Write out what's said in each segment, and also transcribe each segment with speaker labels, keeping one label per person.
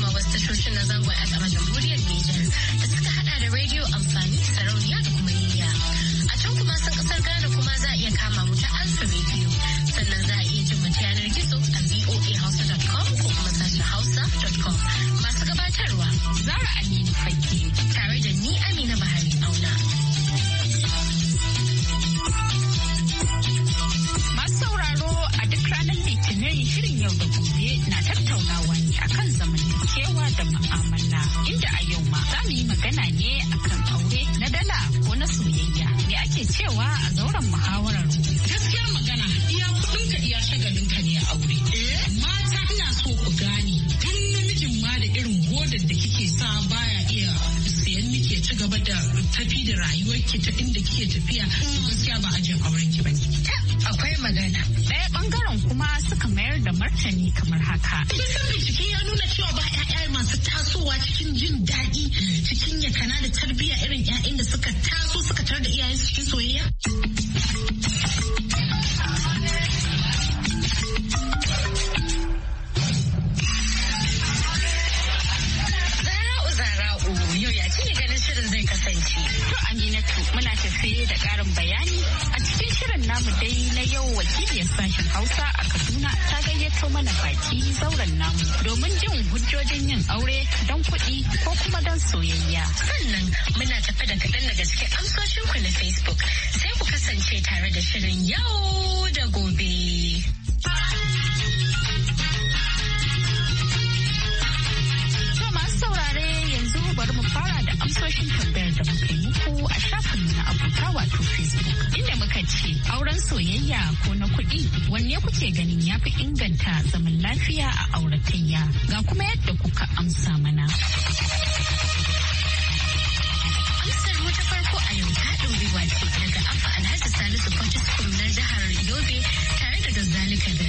Speaker 1: kuma wasu tashoshin na zangon FM a jamhuriyar Nijar da suka hada da rediyo amfani sarauniya da kuma yiya. A can kuma sun kasar Ghana kuma za a iya kama mu ta Alfa Radio sannan za a iya jin mu ta yanar gizo a voahausa.com ko kuma sashen hausa.com masu gabatarwa Zara Ali cewa a zauren muhawarar gaskiya magana iya kudinka iya shagalinka ne a aure eh? mata ina so ku gane kan namijin ma da irin godar da kike sa baya iya sayan nike ci gaba da tafi da rayuwarki ta inda kike tafiya gaskiya ba ajin aurenki ba akwai magana ɗaya bangaren kuma suka martani kamar haka. Kisan bincike ya nuna cewa ba 'ya'ya masu tasowa cikin jin daɗi cikin yakana da tarbiyya irin 'ya'yan da suka taso suka tar da iyayensu cikin soyayya. yau ya kike ganin shirin zai kasance. To Aminatu muna tafiye da ƙarin bayani a shirin namu dai na yau wakiliyar sashen Hausa a Kaduna ta gayyato mana baki zauren namu domin jin hujjojin yin aure don kuɗi ko kuma don soyayya. Sannan muna tafi da kaɗan daga cikin amsoshin ku na Facebook sai ku kasance tare da shirin yau da gobe. bari mu fara da amsoshin tambayar da muka yi muku a shafin na abota wato facebook aka auren soyayya ko na kuɗi wanne kuke ganin ya fi inganta zaman lafiya a auratayya ga kuma yadda kuka amsa mana. amsar wata farko a yau ta ɗauri wace daga Amfa alhaji salisu kwatis na jihar yobe ta da zalika da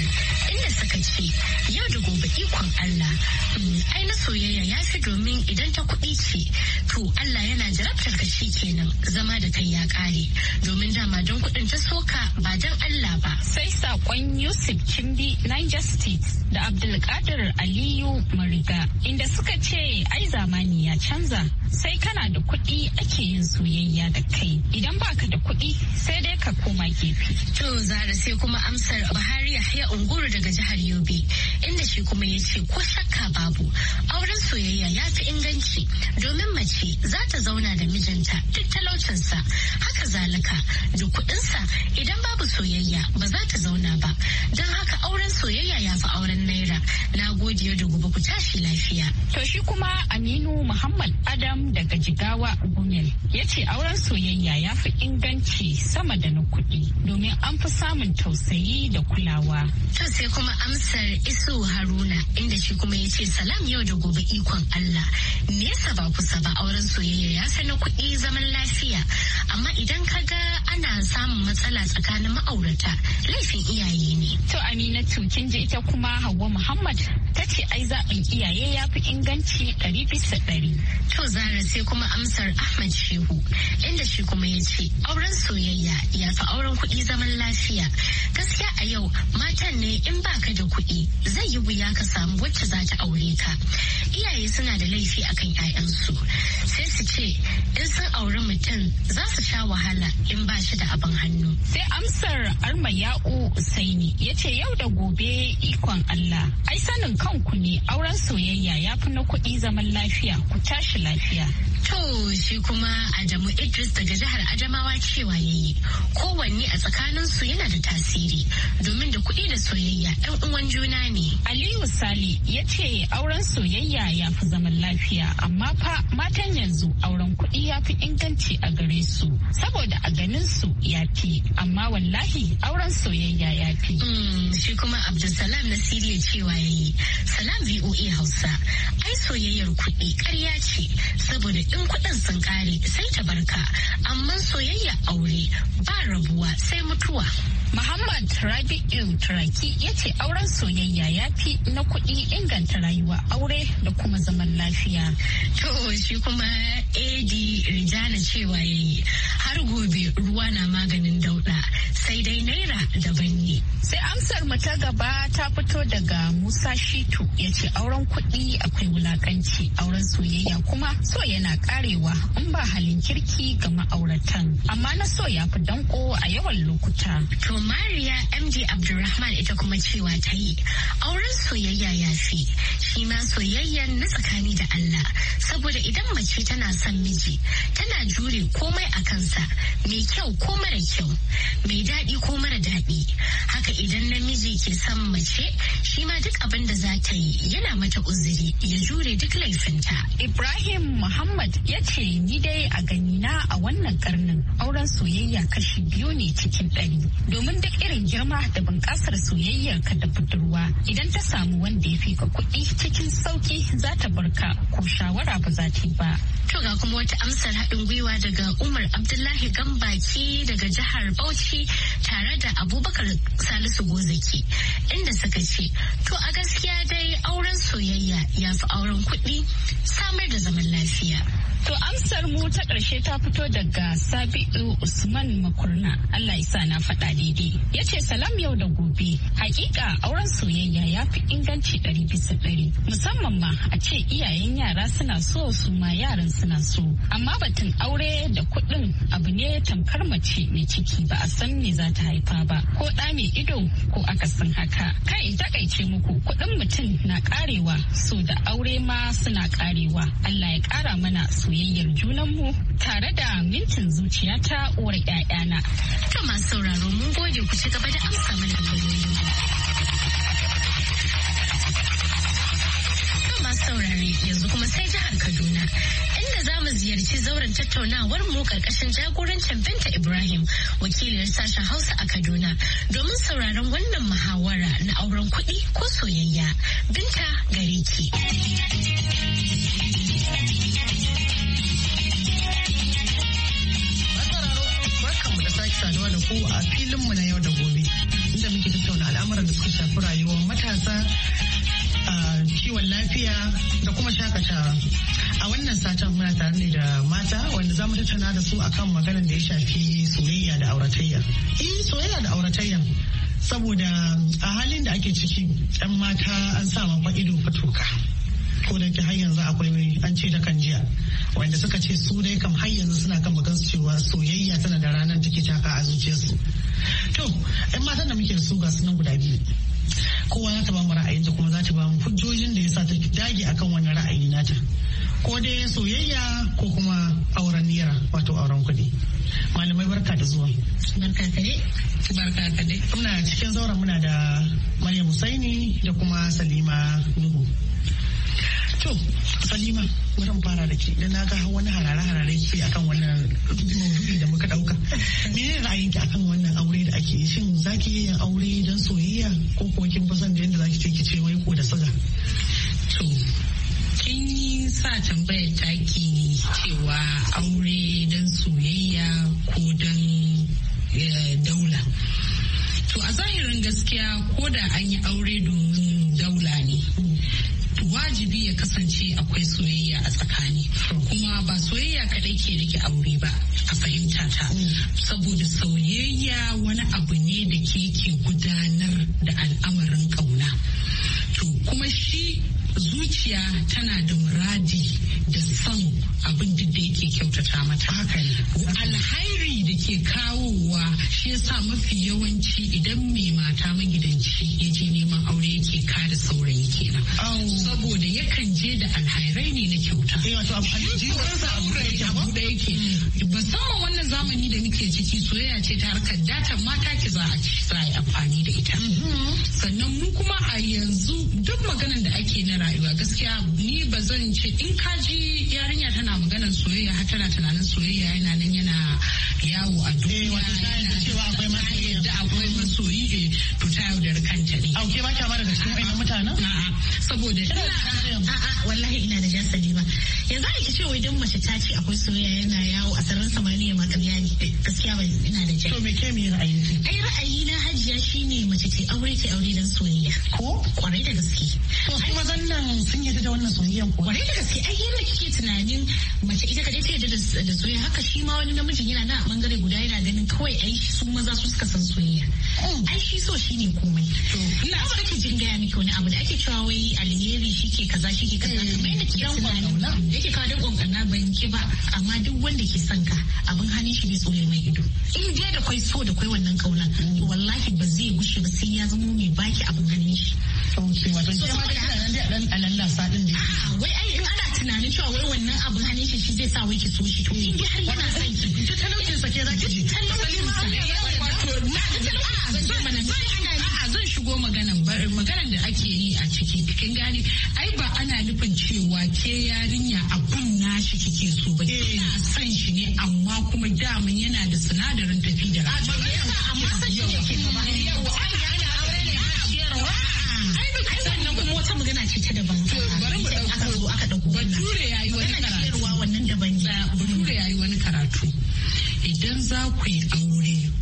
Speaker 1: inda suka ce yau da gobe ikon Allah hmm, ai na soyayya ya fi domin idan ta kuɗi ce to Allah yana jarabtar ka shi kenan zama da kai ya ƙare domin dama don kuɗin ta soka ba don Allah ba. Sai sakon Yusuf Kimbi Niger State da Abdulkadir Aliyu Mariga inda suka ce ai zamani ya canza sai kana da kuɗi ake yin soyayya da kai idan baka da kuɗi sai dai ka koma gefe. To zara sai kuma amsar Buhari Yahya Unguru daga jihar Yobe inda shi kuma ya ce ko shakka babu auren soyayya ya fi inganci domin mace za ta zauna da mijinta duk talaucinsa haka zalika da kuɗinsa idan babu soyayya ba za ta zauna ba don haka auren soyayya ya fi auren naira na gode da gobe ku tashi lafiya. To shi kuma Aminu Muhammad Adam daga Jigawa Gumel ya ce auren soyayya ya fi inganci sama da na kuɗi domin an fi samun tausayi da kulawa. To sai kuma amsar Isu Haruna inda shi kuma ya ce salam yau da gobe ikon Allah. me ya ba kusa ba auren soyayya ya sani kuɗi zaman lafiya. Amma idan ka ga ana samun matsala tsakanin ma'aurata laifin iyaye ne. To Aminatu kin je ita kuma Hauwa Muhammad ta ce ai zaɓin iyaye ya fi inganci ɗari bisa ɗari. To Zara sai kuma amsar Ahmad Shehu inda shi kuma ya ce auren soyayya ya fi auren kuɗi zaman lafiya. Gaskiya a yau matan ne in baka da kuɗi zai yi wuya ka samu wacce za ta aure ka iyaye suna da laifi akan 'ya'yansu sai su ce in sun auri mutum za su sha wahala in ba shi da abin hannu sai amsar arma ya'u saini ya ce yau da gobe ikon Allah ai sanin kanku ne auren soyayya ya fi na kuɗi zaman lafiya ku tashi lafiya To shi kuma Adamu Idris daga jihar Adamawa cewa yayi kowanne a tsakanin su yana da tasiri domin da kuɗi da soyayya ɗan uwan juna ne. Aliyu Sali ya ce auren soyayya ya fi zaman lafiya amma fa matan yanzu auren kuɗi ya fi inganci a gare su saboda a ganin su ya fi amma wallahi auren soyayya ya fi. Mm, shi kuma Abdulsalam na Siriya cewa ya yi salam VOA Hausa ai soyayyar kuɗi ƙarya ce saboda in kuɗin sun ƙare sai ta barka amma soyayya aure ba rabuwa sai mutuwa. Muhammad Rai ab'i Turaki ya ce auren soyayya ya fi na kuɗi inganta rayuwa aure da kuma zaman lafiya. To shi kuma AD Rijana cewa ya yi har gobe ruwa na maganin dauɗa sai dai naira daban ne. Sai amsar mu ta gaba ta fito daga Musa Shitu ya ce auren kuɗi akwai wulakanci auren soyayya kuma so yana karewa in ba halin kirki ga ma'auratan amma na so ya fi danko a yawan lokuta. To Mariya M MG Abdulrahman ita kuma cewa ta yi auren soyayya ya fi shi ma soyayyen na tsakani da Allah saboda idan mace tana son miji tana jure komai a kansa mai kyau ko mara kyau mai daɗi ko mara daɗi haka idan namiji ke son mace shi ma duk abin da za ta yi yana mata uzuri ya jure duk laifinta. Ibrahim Muhammad ya ce ni dai a gani na a wannan karnin auren soyayya kashi biyu ne cikin ɗari domin duk irin girma da bunƙasar soyayyar ka da budurwa idan ta samu wanda ya fi ka kuɗi cikin sauki za ta barka ko shawara ba za ta yi ba. To ga kuma wata amsar haɗin gwiwa daga Umar Abdullahi Gambaki daga jihar Bauchi tare da Abubakar Salisu Gozaki inda suka ce to a gaskiya dai auren soyayya ya fi auren kuɗi samar da zaman lafiya. To amsar mu ta ƙarshe ta fito daga Sabi'u Usman Makurna. Allah ya sa na faɗa daidai. Ya ce salam yau da gobe. Hakika auren soyayya ya fi inganci ɗari bisa ɗari. Musamman ma a ce iyayen yara suna so su ma yaran suna so. Amma batun aure da kuɗin abu ne tamkar mace mai ciki ba a san me za ta haifa ba. Ko ɗa mai ido ko akasin haka. Kai takaice muku kuɗin mutum na ƙarewa so da aure ma suna ƙarewa. Allah ya ƙara mana su soyayyar junanmu tare da mintin zuciya ta uwar ƴaƴana. Ta masu sauraro mun gode ku ci gaba da amsa mana tambayoyin. masu saurare yanzu kuma sai jihar Kaduna inda za mu ziyarci zauren tattaunawar mu karkashin jagorancin Binta Ibrahim wakiliyar sashen Hausa a Kaduna domin sauraron wannan muhawara na auren kuɗi ko soyayya. Binta gare ki. saduwa da ku a filinmu na yau da gobe inda muke tattauna al'amuran da suka shafi rayuwar matasa kiwon lafiya da kuma shakatawa. A wannan satin muna tare ne da mata wanda za mu tattauna da su akan maganar da ya shafi soyayya da auratayya. Eh soyayya da auratayya saboda a halin da ake ciki 'yan mata an sa ma ido fa toka. ko da har yanzu akwai an ce kan jiya wanda suka ce su dai kam har yanzu suna kan magan cewa soyayya tana da ranar ke taka a zuciyarsu to yan matan da muke da su ga sunan guda biyu kowa za ta ba mu ta kuma za ta ba mu hujjojin da sa ta dage akan wani ra'ayi nata ko dai soyayya ko kuma auren nera wato auren kuɗi malamai barka da zuwa barka ka barka ka muna cikin zauren muna da Maryam Musaini da kuma Salima Nuhu To, Salima, wurin fara da ke, na ga wani harare-harare ke akan wannan maudu'i da muka dauka. Mene ra'ayinki akan wannan aure da ake shin za ki yin aure don soyayya ko kuma kin fi son da yadda za ki ce ki ce wai ko da siga? To, kin yi sa tambayar taki cewa aure don soyayya ko don eh, daula. To, a zahirin gaskiya ko da an yi aure domin kasance akwai soyayya a tsakani kuma ba soyayya kadai ke rike aure ba a fahimta ta saboda soyayya wani abu ne da ke ke gudanar da al'amarin ƙauna to kuma shi zuciya tana da muradi da son abin duk da yake kyautata mata alhairi da ke kawowa shi yasa mafi yawanci idan mai mata magidanci ya je neman aure yake kada saurayi kenan saboda yakan je da alhairai ne na kyauta eh, saman hmm. wannan zamani da muke ciki soyayya ce ta harkar data mata ki za a ci za a yi amfani da ita mm-hmm. sannan mu kuma a yanzu duk maganan da ake na rayuwa gaskiya ni ba zan ce in kaji yarinya tana ana maganar soyayya har tana tunanin soyayya yana nan yana yawo a duniya eh, yana cewa akwai masoyi akwai masoyi ta yaudar kanta ne. Auke ba kya daga cikin wayannan mutanen? A'a saboda ina a'a wallahi ina da jan salima. Yanzu a ki ce wai dan mace ta ce akwai soyayya yana yawo a sararin samaniya ma ƙarya ne gaskiya ba ina da jan. To me ke mi ra'ayin ki? Ai ra'ayi na hajiya shine mace ce aure ce aure dan soyayya. Ko kwarai da gaske. To su mazan nan sun yarda da wannan soyayyan ko? Kwarai da gaske ai yadda kike tunanin mace ita kadai ta da soyayya haka shi ma wani namijin yana nan a bangare guda yana ganin kawai ai su maza su suka san soyayya. Hmm. Ai shi so shi shine komai ina so kake jin gaya miki wani abu da ake cewa wai alheri shike kaza shike kaza eh, kamar yadda ke tunani yake kawo da kokarna ban ki ba amma duk wanda ke son ka abin hannun shi bai tsole mai ido in dai da kwai so da kwai wannan to mm. wallahi ba zai gushe ba sai ya zama mai baki abin hannun shi wai ai in ana tunanin cewa wai wannan abin hannun shi shi zai sa wai ki so shi to in dai har yana son ki talaucin sa ke zaki ji talaucin sa kin gane ai ba ana nufin cewa ke yarinya abun nashi kike so ba eh. kina son shi ne amma kuma daman yana da sinadarin tafi da amma sannan kuma wata magana ce ta daban bari mu dauko aka dauko bature yayi wani karatu wannan daban bature yayi wani karatu idan za ku yi aure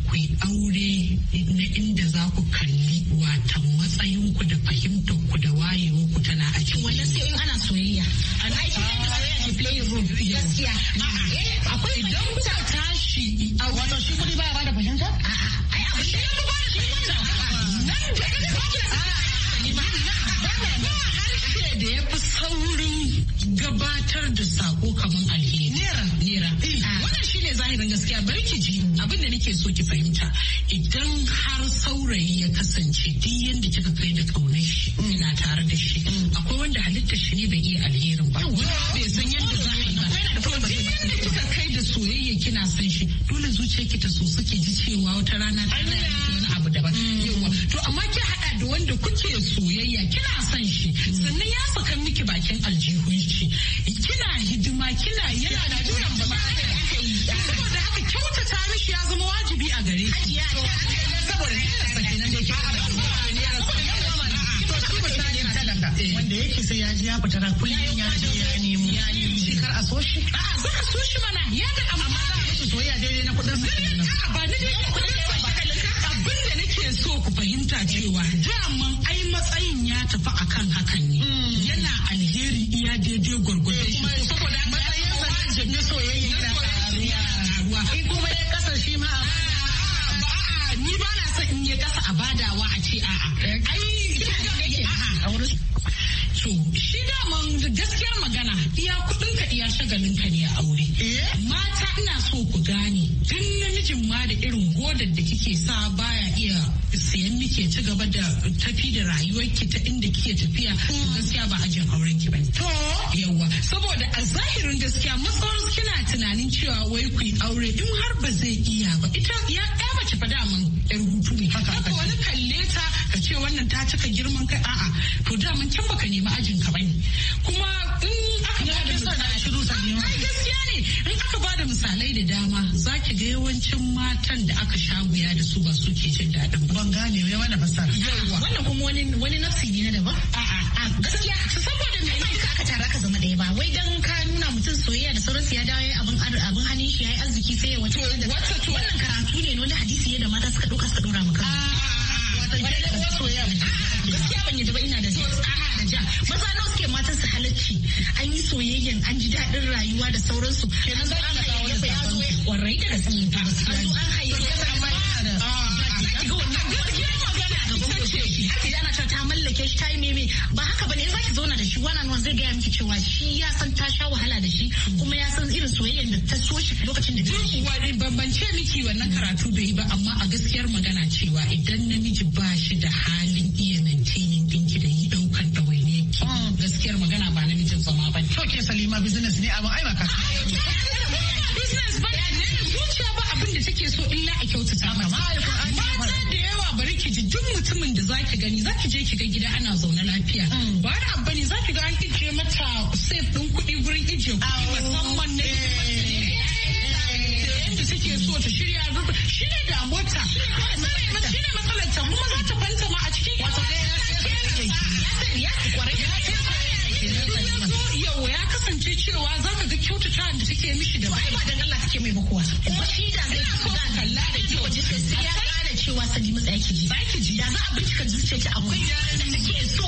Speaker 1: ku yi aure na inda za ku kalli watan ku da fahimtar ku da wayewar ku tana a cikin wannan sai in ana soyayya an aiki da soyayya ki play role gaskiya akwai idan ta tashi a wato shi kudi baya bada fahimta da ya ba da fahimta fi saurin gabatar da sako kamar alheri. Nera. Nera. wani eh. shine zahirin gaskiya bari ki ji abin da nake so ki fahimta idan har saurayi ya kasance duk yanda kika kai da kaunar shi ina tare da shi akwai wanda halitta shi ne bai iya alherin ba wanda bai san yadda za a yi ba duk kika kai da soyayya kina san shi dole ki ta so suke ji cewa wata rana tana wani abu daban mm. yawa to amma ki hada da wanda kuke soyayya kina san shi mm. sannan ya saka miki bakin aljihun kina hidima kina yana da jiran ba saboda aka kyautata mishi ya zama wajibi a gare shi saboda yana da wanda yake sai ya ji ya fita ra kullum ya ya nemo ya nemo kar a so shi a za a so shi mana ya da amma za a mishi soyayya daidai na kuɗin sa ba ni dai kudin sa ba so ku fahimta cewa daman ai matsayin ya tafi akan hakan ne. Hmm. Yana alheri iya daidai gwargwadon shi. Eh, saboda matsayin sa na soyayya yana karuwa. In kuma ya kasa shi ma a. Ba a ni ba kasa in ya kasa a badawa a ce a'a a'a to shi daman gaskiyar magana iya kudin ka iya shagalin ka ne a aure eh? mata ina so ku gane duk namijin ma da irin godar da kike sa baya iya siyan nike ci gaba da tafi da rayuwarki ta inda kike tafiya gaskiya ba ajin auren ki bane to yawa saboda a zahirin gaskiya matsawar kina tunanin cewa wai ku aure in har ba zai iya ba ita ya mace fa daman yar hutu ne haka haka wani kalle ta ka ce wannan ta cika girman kai a'a to da mun can baka nemi ajin ka bane kuma in aka ga da shiru sanin in aka ba da misalai da dama za ki ga yawancin matan da aka sha wuya da su ba su ke jin daɗin ba. Ban gane wai wani fasara. Wannan kuma wani wani nafsi ne na daban. A'a gaskiya saboda me duka aka tara ka zama ɗaya ba wai dan ka nuna mutum soyayya da sauransu ya dawo abin abin hannun shi ya yi arziki sai ya wata. Wannan karatu ne wani hadisi ne da mata suka ɗauka suka ɗora maka. gaskiya ban yadda ba ina da da ja maza nawa suke matan su halacci an yi soyayyan an ji daɗin rayuwa da sauransu da gaske zo an ga wannan gaskiya ita ce ake ana cewa ta mallake shi ta yi meme ba haka bane in zaki zauna da shi wannan zai gaya miki cewa shi ya san ta sha wahala da shi kuma ya san irin soyayyar da ta so shi lokacin da take wani bambance miki wannan karatu bai yi ba amma a gaskiyar magana cewa idan namiji ba shi da halin iya maintaining dinki da yi daukan ɗawainiyar ki gaskiyar magana ba namijin zama ba ne. Kyau Salima business ne abin ai ki gani za ki je ki ga gida ana zaune lafiya mm. ba da abu ne za ki ga an ije mata safe din kuɗi gurin ije. kuɗi musamman na eh, eh, eh. da suke so ta shirya rubu shi ne da mota. shi ne matsalar ta kuma za ta fanta ma a cikin wato dai ya kwarai yau ya kasance cewa za ka ga kyautata da take mishi da ba ba dan Allah take mai bakuwa Kuma shi da zai kalla da kyau cewa sadi matsa yake ji baki ji da za a bincika zuciya ki akwai yaran da take so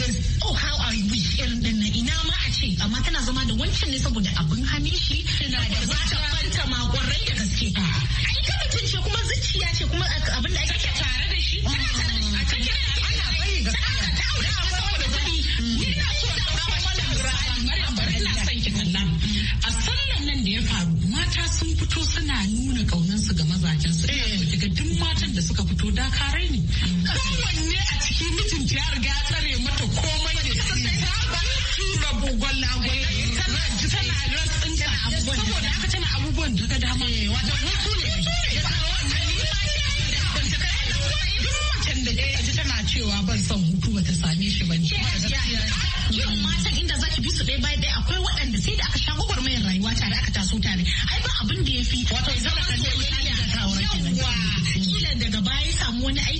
Speaker 1: da oh how are we irin din nan ina ma a ce amma tana zama da wancan ne saboda abin hannun shi da za ta fanta makwarai da gaske ah. ai ka mutunce kuma zuciya ce kuma abin da ake tare da shi tana mm. tare ki kalla a sallan nan da ya faru mata sun fito suna nuna kaunansu ga mazajen daga eh. duk matan da suka fito dakarai ne kowanne a cikin mijinta ya riga ya tsare mata komai da su. bugwalla gwai tana tana rantsin tana abubuwan saboda haka tana abubuwan da ga dama eh, wato hutu ne ya tsawo ban ta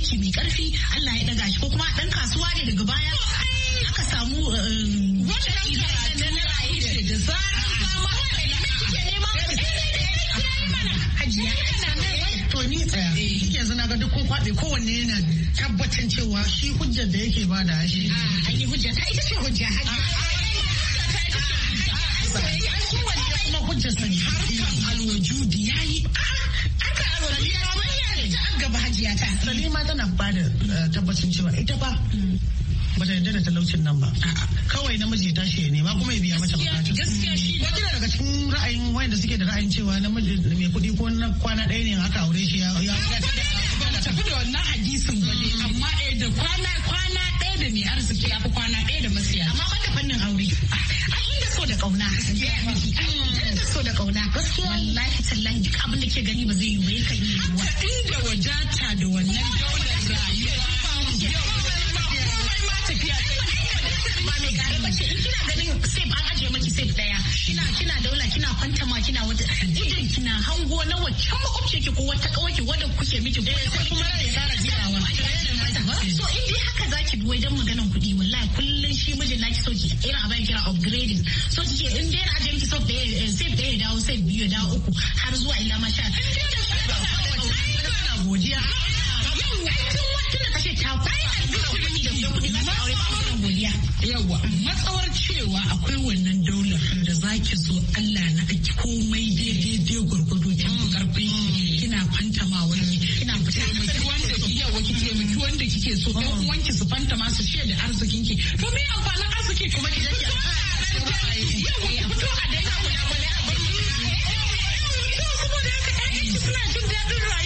Speaker 1: aiki mai karfi Allah ya daga shi ko kuma dan kasuwa ne daga baya aka samu wanda da na da zarar zama to ni tsaya yanzu na ga kwaɗe kowanne yana tabbatin cewa shi hujjar da yake ba da shi A yi hujjar ta ita ce hujjar hujja kuma hujjar sa harkar alwajudi yayi gaba hajiya ta. Salima tana bada eh, tabbacin cewa ita ba Ba ta yarda da talaucin nan ba. Kawai namiji ya tashi ya nema kuma ya biya mata bukata. Gaskiya shi ba. Wata daga cikin ra'ayin wanda suke da ra'ayin cewa namiji mai kuɗi ko na kwana ɗaya ne aka aure shi ya ya ba tafi da wannan hadisin ba ne mm. amma eh, da kwana kwana ɗaya da mai arziki ya fi kwana ɗaya da masiya. Amma ban da fannin aure. Ah, so da kauna da mm, so da kauna gaskiya wallahi tallahi duk abin da ke gani ba zai yi ba yakan yi wa inda wajata da wannan daular rayuwa ba in kina ganin an ajiye maki daya kina kina kina kina wata idan kina hango na wacce makwabce ke ko wata kawai ke wadda kuke miki ko eh, kuma wajen maganan kuɗi wallahi kullum shi mijin naki so ki irin abin kira upgrading so ki ke in dai aje miki so ɗaya eh, sai ɗaya ya dawo sai biyu ya dawo uku har zuwa ila ma sha godiya yawa matsawar cewa akwai wannan daular da za ki zo Allah na aki komai daidai gwargwado kin karfi kina kwanta ma wani kina fita su ɗan wanki su fanta ma su da arzikin ki to me amfanin arziki kuma ki zaki fito a daina kula kula a suna jin daɗin rayuwa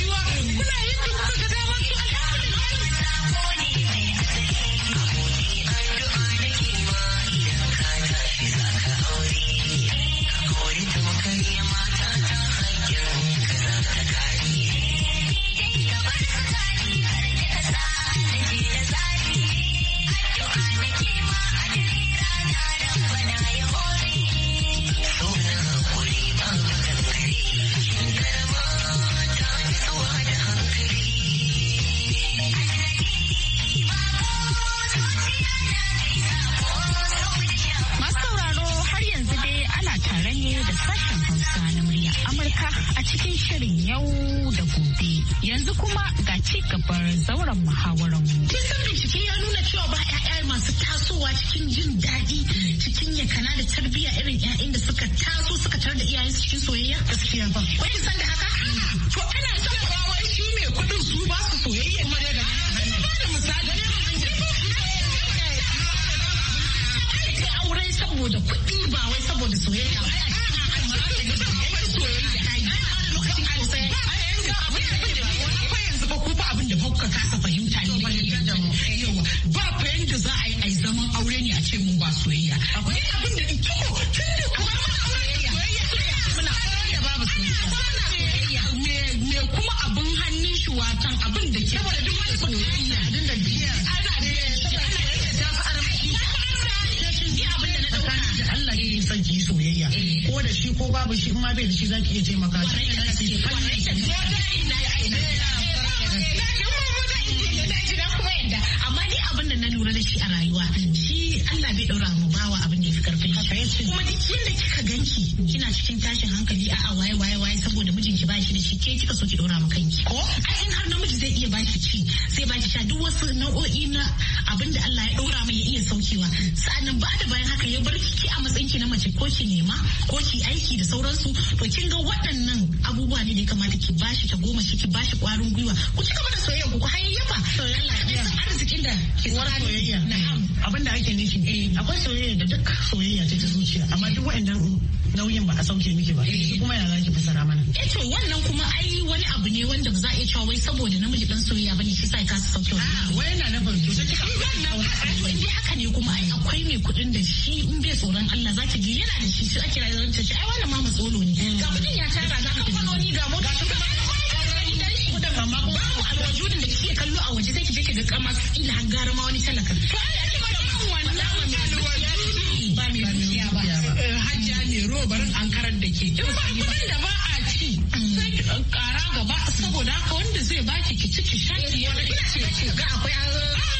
Speaker 1: masu tasowa cikin jin daɗi cikin yakana da tarbiyya irin 'ya'yan da suka taso suka tar da iyayen su cikin soyayya gaskiya ba wai san da haka to ana son kowa shi ne kudin su ba su soyayya ma daga ba misali aure saboda kuɗi ba wai saboda soyayya ba kowa bai da shi ki iya taimaka shi amma ni abin da na lura da shi a rayuwa shi Allah bai daura mu bawa abin da ya fi karfin shi kuma duk yadda kika ganki kina cikin tashin hankali a a waye waye waye saboda mijinki ba shi da shi ke kika so ki daura mu kanki ko ai in har namiji zai iya baki ci sai baki sha duk wasu nau'o'i na abin da Allah cewa sa'annan ba da bayan haka ya bar ki a matsayin ki na mace ko ki nema ko ki aiki da sauransu to kin ga waɗannan abubuwa ne da ya kamata ki bashi ta goma shi ki bashi kwarin gwiwa ku ci gaba da soyayya ku ku hayayyafa Allah ya arzikin da ki soyayya na'am abin da ake nufi eh. akwai soyayya da duk soyayya ce ta zuciya amma duk waɗannan nauyin ba a sauke miki ba eh. kuma ya zaki fasara mana Eto eh wannan kuma ai wani abu ne wanda ba za a cewa wai saboda namiji dan soyayya bane shi sai ka sauke wannan ah, wai yana na farko sai kika wannan to haka ne ko kuma akwai mai kuɗin da shi in bai tsoron Allah zaki ji yana da shi sai ake rayuwar ta shi ai wannan ma matsolo ne mm. ga kudin ya tara ga kamfanoni ga mota babu alwajudin da kike kallo a waje sai ki je ki ga kama ila gara ma wani talaka to ai ake ba wannan ba mai dukiya ba eh, hajja ne robar an da ke in ba kudin da ba a ci mm. sai ki kara gaba saboda haka wanda zai baki ki ci ki ya ki yana eh, ce ga akwai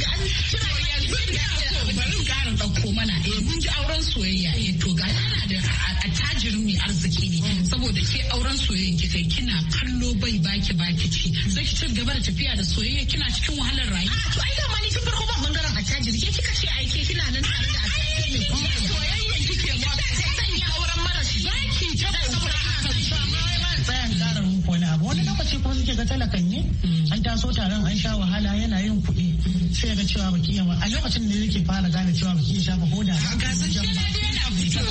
Speaker 1: bari in ɗauko mana eh mun ji auren soyayya eh to ga yana da attajirin mai arziki ne saboda ke auren soyayya kika kina kallo bai baki baki ci sai ki ci gaba da tafiya da soyayya kina cikin wahalar rayuwa ah, to ai da ma tun farko bangaren attajiri ke kika ce ai ke kina nan tare da attajiri ne auren mara wani lokaci kuma suke ga talakan ne hmm. an taso taron an sha wahala yana yin kuɗi sai ga cewa baki yawa a lokacin da nake fara gane cewa baki ya shafa hoda ga sai yana fito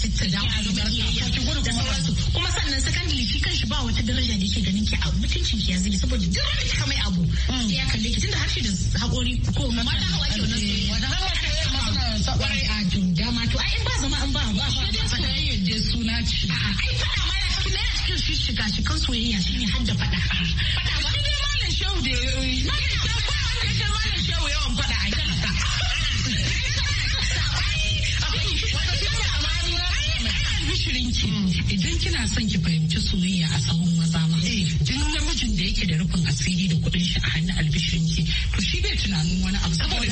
Speaker 1: citta da sauransu kuma sannan secondly shi kanshi ba wata daraja da yake ganin ki a mutuncin ki yanzu saboda duk wanda kika mai abu sai ya kalle ki tunda harshe da hakori ko na da hawa ke wannan eh, kwarai a jinda ma to ai in ba zama in ba ba ba soyayya je suna ci ai fada ma ya cikin ya cikin shi shiga shi kan soyayya shi ne har da fada fada ba shi ne malam shehu da eh, an malam shehu yawan fada a kansa albishirinki idan kina son ki fahimci soyayya a sahun maza ma duk namijin da yake da rufin asiri da kudin shi a hannun albishirinki to shi bai tunanin wani abu saboda kafin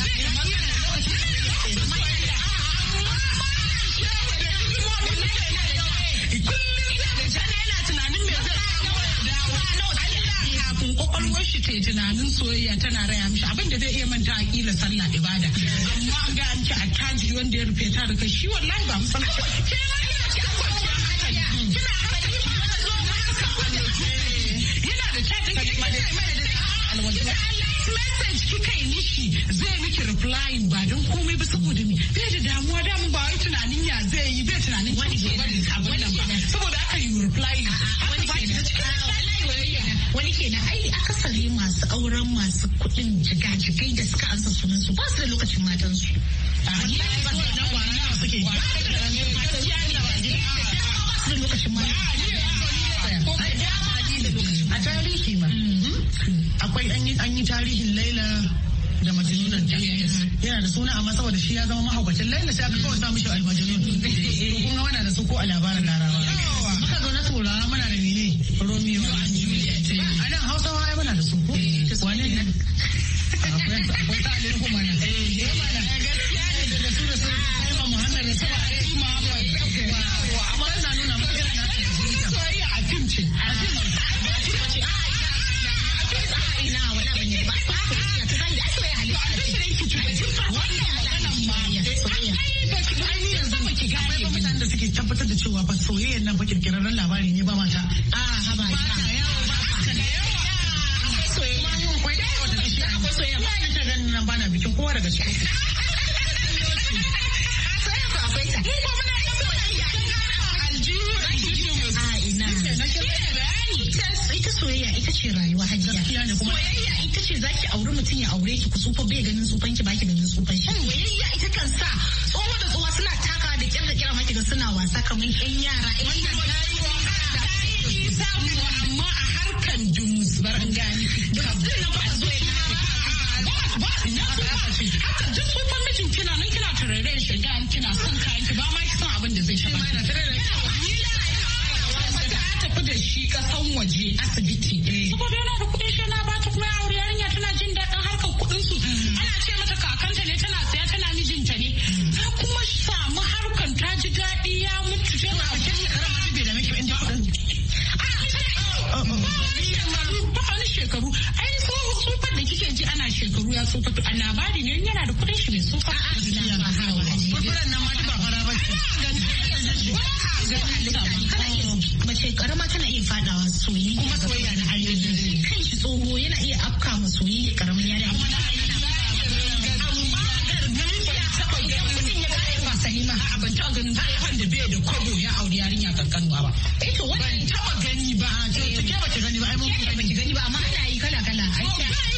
Speaker 1: shi ta tunanin soyayya tana raya mishi abinda zai iya manta a kila sallah ibada amma an ga an ci attajiri wanda ya rufe ta da kai shi wallahi ba musamman message kika yi mishi zai miki replying ba don komai ba da damuwa da tunanin tunanin wani ke abin saboda aka yi replying wani ke wani ai akasari masu auren masu kuɗin jiga-jigai da suka ansa sunan su ba su da lokacin matan su yi tarihin laila da jiya yana da suna amma saboda shi ya zama mahaukacin laila sai aka kawai samu shi almajnun to kun da su ko a labarin larabawa muka zo na tsoron muna da mene romeo ranar nan bana bikin kowa daga cikin ita soyayya ita ce rayuwa soyayya ita ce zaki auri mutum ya aure ki ku tsufa bai ganin tsufan ki baki soyayya ita kan sa tsoho da suna taka da kyar da maki suna wasa kamar yan yara yan yara a ce haka duk tsufan mijin kina nan kina tarare shi da kina son kayan ki ba ma ki san abin da zai shi ma na tafi da shi kasan waje asibiti. Saboda yana da kuɗin shi na bata kuma aure yarinya tana jin daɗin harkar kuɗin su. Ana ce mata kakanta ne tana saya tana mijinta ne. Ta kuma samu harkar ta ji daɗi ya mutu tana cikin shekara mutu bai da miki inda kuɗin. Ba wani shekaru. Ai a shekaru ya tsufa a labari ne yana da kudin shi mai tsufa a ba hawa nan ma ba fara ba mace karama tana iya fadawa soyayya kuma soyayya na ayyuka kan shi tsoho yana iya afka ma soyayya karamin a ban ya yarinya ba. Eh ta gani ba, ai mun ba gani ba amma ana yi kala kala. Ai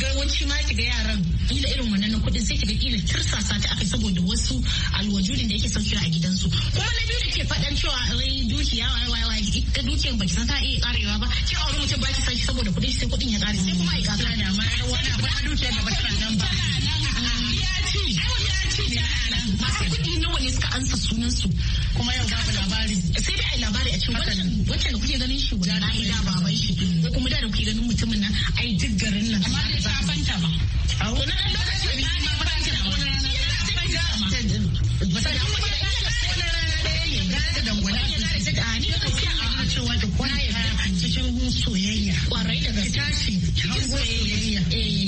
Speaker 1: ga yawanci ma ki ga yaran kila irin wannan na kuɗin sai ki ga kila tirsasa ta aka saboda wasu alwajudin da yake saukewa a gidansu kuma na biyu da ke faɗan cewa rai dukiya wai wai wai ita dukiyar baki san ta iya karewa ba ki aure mutum ba ki san shi saboda kuɗin sai kuɗin ya kare sai kuma ya kare da ma wani abu dukiyar da ba ta nan ba masu kuɗi nawa ne suka ansa sunan su kuma yau babu labari sai dai ai labari a cikin wancan da kuke ganin shi wallahi da baban shi ko kuma da da kuke ganin mutumin nan ai duk nan amma da ta fanta ba a wani dan ne ba a ni a cewa da kwana ya cikin soyayya kwarai da gaske tashi soyayya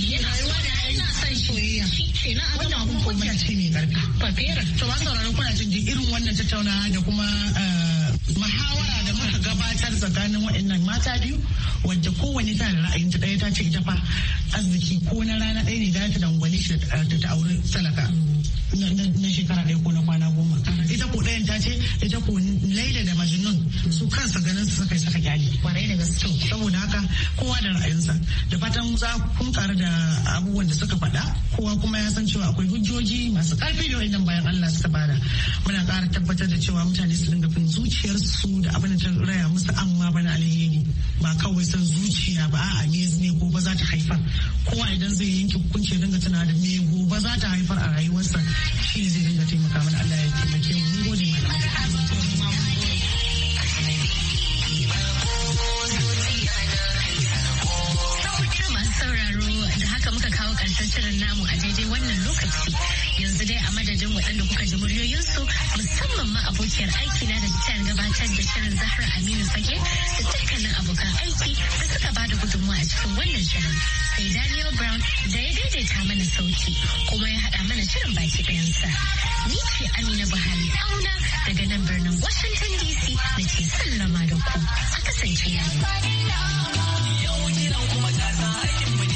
Speaker 1: ina an gama abin komai hujja mai karfi fafera to ba sauraron kuna jin irin wannan tattaunawa da kuma eh, muhawara da muka gabatar tsakanin waɗannan mata biyu wadda kowane ta da ra'ayin ta ɗaya ta ce ita fa arziki ko na rana ɗaya ne za ta dangwale shi da ta auri talaka. na shekara ɗaya ko na kwana goma ita ko ɗayan ta ce ita ko laila da majnun su kansa ganin su suka saka kyali kwarai da gaske saboda haka kowa da ra'ayinsa da fatan za kun karu da abubuwan da suka faɗa kowa kuma ya san cewa akwai hujjoji masu ƙarfi da wayannan bayan Allah suka bada muna ƙara tabbatar da cewa mutane su dinga fin zuciyarsu da abin da ta raya musu amma bana alheri ba kawai san zuciya ba a me ne gobe za ta haifar kowa idan zai yanke hukunci dinga tana da me gobe za ta haifar a rayuwarsa shi zai dinga taimaka mana Allah ya taimake mu mun gode malamai sauraro da haka muka kawo ƙarshen shirin namu a daidai a madadin waɗanda kuka ji muryoyinsu musamman ma abokiyar aiki na da ta gabatar da shirin Zahra Aminu Fage da dukkanin abokan aiki da suka ba da gudunmawa a cikin wannan shirin. Sai Daniel Brown da ya daidaita mana sauki kuma ya haɗa mana shirin baki ɗayansa. Ni ce Amina Buhari auna daga nan birnin Washington DC da ke sallama da ku. A kasance Yau